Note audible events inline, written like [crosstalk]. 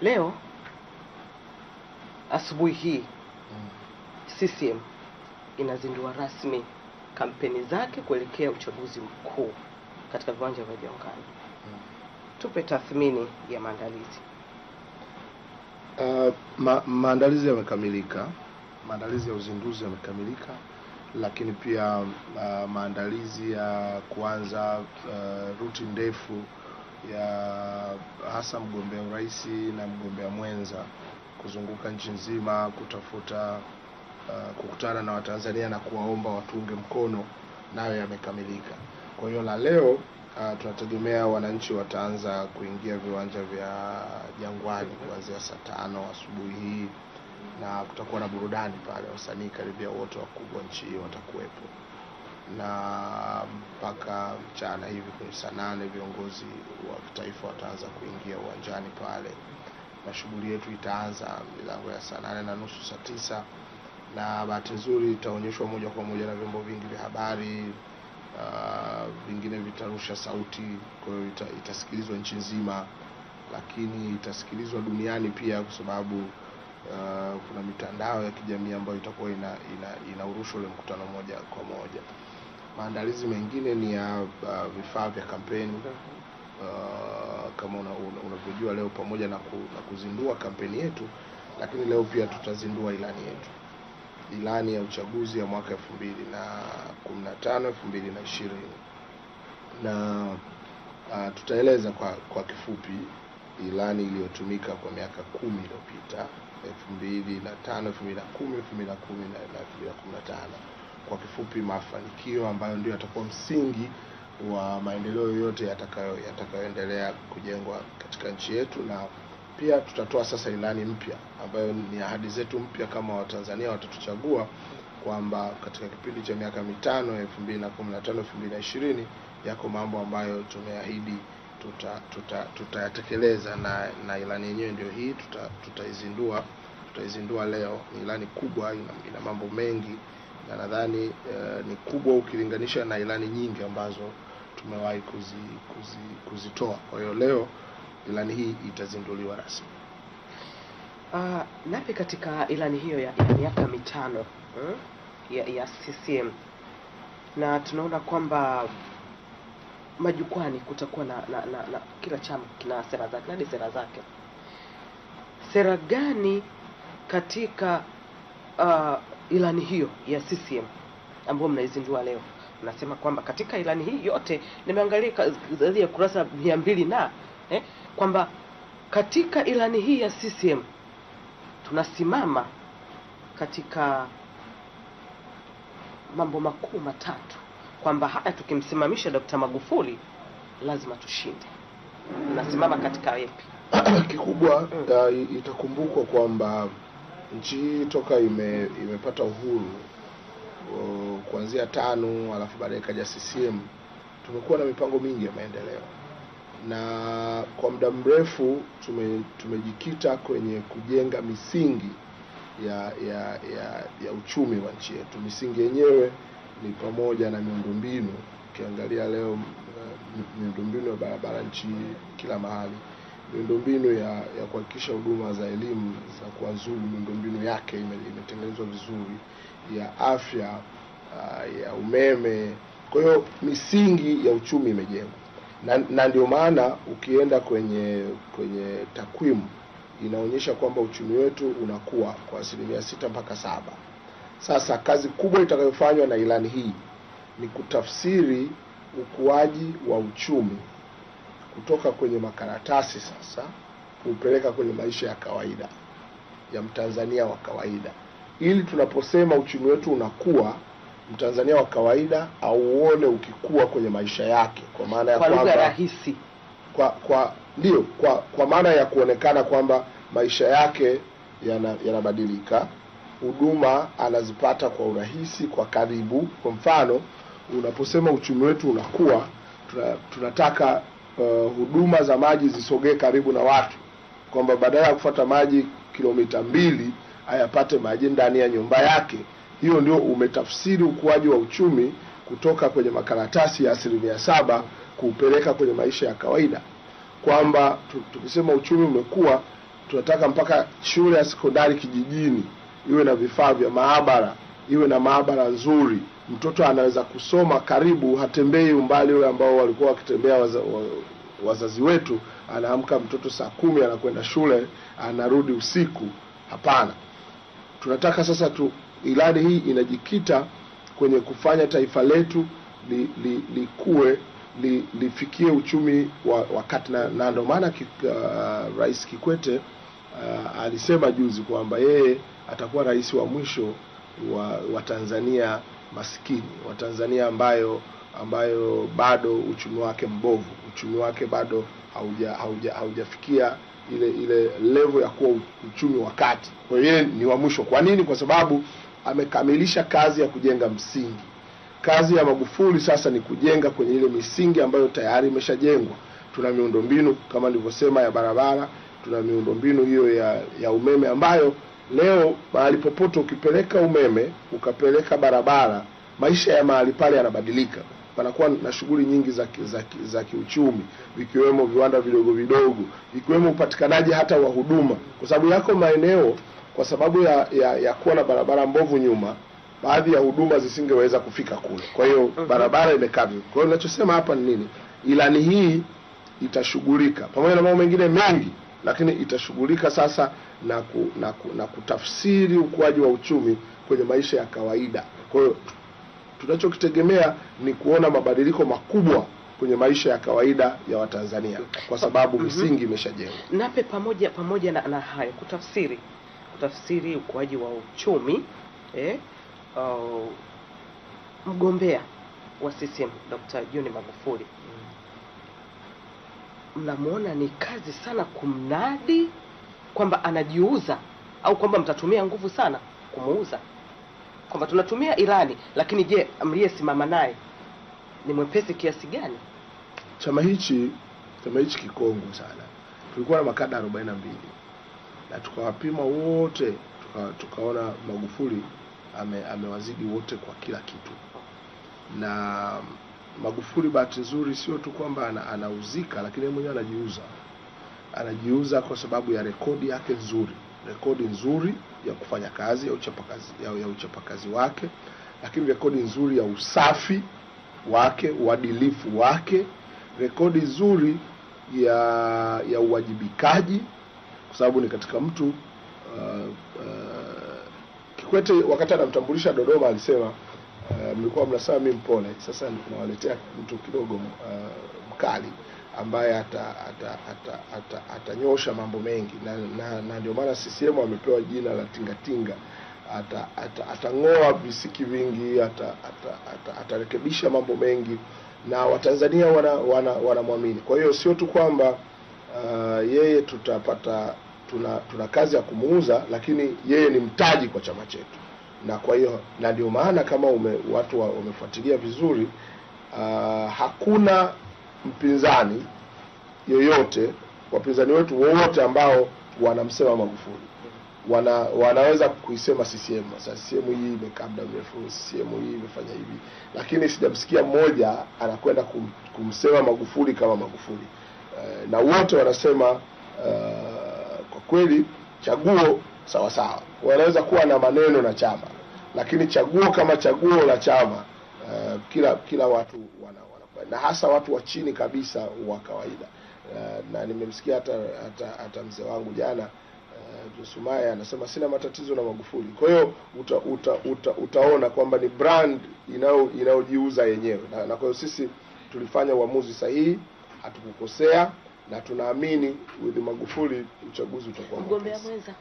leo asubuhi hii CCM inazindua rasmi kampeni zake kuelekea uchaguzi mkuu katika viwanja vya Jangwani. Tupe tathmini ya maandalizi. Uh, ma maandalizi yamekamilika, maandalizi ya uzinduzi yamekamilika, lakini pia uh, maandalizi ya kuanza uh, ruti ndefu ya hasa mgombea urais na mgombea mwenza kuzunguka nchi nzima kutafuta uh, kukutana na Watanzania na kuwaomba watunge mkono nayo yamekamilika. Kwa hiyo la leo uh, tunategemea wananchi wataanza kuingia viwanja vya Jangwani kuanzia saa tano asubuhi hii na kutakuwa na burudani pale, wasanii karibia wote wakubwa nchi hii watakuwepo na mpaka mchana hivi saa nane viongozi wa kitaifa wataanza kuingia uwanjani pale, na shughuli yetu itaanza milango ya saa nane na nusu saa tisa na bahati nzuri itaonyeshwa moja kwa moja na vyombo vingi vya habari uh, vingine vitarusha sauti, kwa hiyo ita, itasikilizwa nchi nzima, lakini itasikilizwa duniani pia kwa sababu uh, kuna mitandao ya kijamii ambayo itakuwa ina, ina, inaurusha ule mkutano moja kwa moja. Maandalizi mengine ni ya uh, vifaa vya kampeni uh, kama unavyojua una leo pamoja na, ku, na kuzindua kampeni yetu, lakini leo pia tutazindua ilani yetu, ilani ya uchaguzi ya mwaka elfu mbili na kumi na tano elfu mbili na ishirini na uh, tutaeleza kwa, kwa kifupi ilani iliyotumika kwa miaka kumi iliyopita elfu mbili na tano elfu mbili na kumi elfu mbili na kumi na elfu mbili na kumi na tano kwa kifupi, mafanikio ambayo ndio yatakuwa msingi wa maendeleo yote yatakayo yatakayoendelea kujengwa katika nchi yetu, na pia tutatoa sasa ilani mpya ambayo ni ahadi zetu mpya kama Watanzania watatuchagua kwamba katika kipindi cha miaka mitano 2015 2020 yako mambo ambayo tumeahidi tutayatekeleza tuta, tuta na na ilani yenyewe ndio hii tutaizindua tuta tutaizindua leo. Ni ilani kubwa, ina, ina mambo mengi na nadhani uh, ni kubwa ukilinganisha na ilani nyingi ambazo tumewahi kuzi, kuzi, kuzitoa. Kwa hiyo leo ilani hii itazinduliwa rasmi. Uh, ah, Nape, katika ilani hiyo ya miaka mitano hmm, ya, ya CCM na tunaona kwamba majukwani kutakuwa na, na, na, na kila chama kina sera zake na sera zake. Sera gani katika uh, ilani hiyo ya CCM ambayo mnaizindua leo, nasema kwamba katika ilani hii yote, nimeangalia zaidi ya kurasa mia mbili na eh, kwamba katika ilani hii ya CCM tunasimama katika mambo makuu matatu, kwamba haya tukimsimamisha Dkt. Magufuli lazima tushinde. Mnasimama katika yapi? [coughs] Kikubwa mm, itakumbukwa kwamba nchi hii toka ime, imepata uhuru kuanzia tano alafu baadaye ikaja CCM, tumekuwa na mipango mingi ya maendeleo na kwa muda mrefu tume, tumejikita kwenye kujenga misingi ya ya ya, ya uchumi wa nchi yetu. Misingi yenyewe ni pamoja na miundombinu. Ukiangalia leo eh, miundombinu ya barabara nchi kila mahali miundombinu ya, ya kuhakikisha huduma za elimu za kuwazuru miundombinu yake imetengenezwa vizuri, ya afya uh, ya umeme. Kwa hiyo misingi ya uchumi imejengwa na, na ndio maana ukienda kwenye kwenye takwimu inaonyesha kwamba uchumi wetu unakuwa kwa asilimia sita mpaka saba. Sasa kazi kubwa itakayofanywa na ilani hii ni kutafsiri ukuaji wa uchumi kutoka kwenye makaratasi sasa kuupeleka kwenye maisha ya kawaida ya Mtanzania wa kawaida, ili tunaposema uchumi wetu unakuwa, Mtanzania wa kawaida auone ukikua kwenye maisha yake, kwa maana ya kwa rahisi kwa kwa ndio kwa kwa maana ya kuonekana kwamba maisha yake yanabadilika, yana huduma anazipata kwa urahisi, kwa karibu. Kwa mfano unaposema uchumi wetu unakuwa, tunataka uh, huduma za maji zisogee karibu na watu, kwamba badala ya kufuata maji kilomita mbili ayapate maji ndani ya nyumba yake. Hiyo ndio umetafsiri ukuaji wa uchumi kutoka kwenye makaratasi ya asilimia saba kuupeleka kwenye maisha ya kawaida, kwamba tukisema uchumi umekuwa, tunataka mpaka shule ya sekondari kijijini iwe na vifaa vya maabara iwe na maabara nzuri, mtoto anaweza kusoma karibu, hatembei umbali ule ambao walikuwa wakitembea wazazi wetu. Anaamka mtoto saa kumi anakwenda shule anarudi usiku. Hapana, tunataka sasa tu, ilani hii inajikita kwenye kufanya taifa letu likue li, li li, lifikie uchumi wa, wa kati na ndio maana uh, Rais Kikwete uh, alisema juzi kwamba yeye atakuwa rais wa mwisho wa Watanzania maskini, Watanzania ambayo ambayo bado uchumi wake mbovu, uchumi wake bado hauja hauja haujafikia ile ile level ya kuwa uchumi wa kati. Kwa hiyo ni wa mwisho. Kwa nini? Kwa sababu amekamilisha kazi ya kujenga msingi. Kazi ya Magufuli sasa ni kujenga kwenye ile misingi ambayo tayari imeshajengwa. Tuna miundombinu kama nilivyosema ya barabara, tuna miundombinu hiyo ya, ya umeme ambayo Leo mahali popote ukipeleka umeme ukapeleka barabara, maisha ya mahali pale yanabadilika, panakuwa na shughuli nyingi za, za, za kiuchumi vikiwemo viwanda vidogo vidogo, ikiwemo upatikanaji hata wa huduma, kwa sababu yako maeneo, kwa sababu ya, ya, ya kuwa na barabara mbovu nyuma baadhi ya huduma zisingeweza kufika kule. Kwa hiyo okay, barabara imekaa vizuri. Kwa hiyo ninachosema hapa ni nini? Ilani hii itashughulika pamoja na mambo mengine mengi lakini itashughulika sasa na, ku, na, ku, na kutafsiri ukuaji wa uchumi kwenye maisha ya kawaida. Kwa hiyo tunachokitegemea ni kuona mabadiliko makubwa kwenye maisha ya kawaida ya Watanzania kwa sababu mhm. misingi mm -hmm. Nape, pamoja pamoja na, na hayo kutafsiri kutafsiri ukuaji wa uchumi eh, uh, mgombea wa CCM Dr. John Magufuli mnamwona ni kazi sana kumnadi kwamba anajiuza au kwamba mtatumia nguvu sana kumuuza, kwamba tunatumia ilani, lakini je, mliyesimama naye ni mwepesi kiasi gani? Chama hichi chama hichi kikongwe sana. Tulikuwa na makada 42 na tukawapima wote tuka, tukaona Magufuli ame, amewazidi wote kwa kila kitu na Magufuli bahati nzuri sio tu kwamba anauzika, lakini mwenyewe anajiuza. Anajiuza kwa sababu ya rekodi yake nzuri, rekodi nzuri ya kufanya kazi ya uchapakazi, ya, ya uchapakazi wake, lakini rekodi nzuri ya usafi wake, uadilifu wake, rekodi nzuri ya ya uwajibikaji, kwa sababu ni katika mtu uh, uh, Kikwete wakati anamtambulisha Dodoma alisema Eh, mlikuwa mnasema mimi mpole, sasa nawaletea mtu kidogo uh, mkali ambaye atanyosha ata, ata, ata, ata mambo mengi na, na, na ndio maana CCM amepewa jina la tingatinga ata, ata, atang'oa visiki vingi atarekebisha ata, ata, ata mambo mengi na Watanzania wanamwamini wana, wana kwa hiyo sio tu kwamba uh, yeye tutapata tuna, tuna kazi ya kumuuza, lakini yeye ni mtaji kwa chama chetu na kwa hiyo na ndio maana kama ume, watu wa, wamefuatilia vizuri uh, hakuna mpinzani yoyote wapinzani wetu wowote ambao wanamsema Magufuli wana, wanaweza kuisema CCM sasa, CCM hii imekaa muda mrefu, CCM hii imefanya hivi, lakini sijamsikia mmoja anakwenda kum, kumsema Magufuli kama Magufuli uh, na wote wanasema uh, kwa kweli chaguo sawa sawa. Wanaweza kuwa na maneno na chama lakini chaguo kama chaguo la chama uh, kila kila watu wana, wana, na hasa watu wa chini kabisa wa kawaida uh, na nimemsikia hata hata, hata mzee wangu jana eh, Sumaya anasema sina matatizo na Magufuli. Kwa hiyo uta, uta, uta, utaona kwamba ni brand inayo inayojiuza yenyewe, na, na kwa hiyo sisi tulifanya uamuzi sahihi, hatukukosea na tunaamini with Magufuli uchaguzi utakuwa mgombea mwenza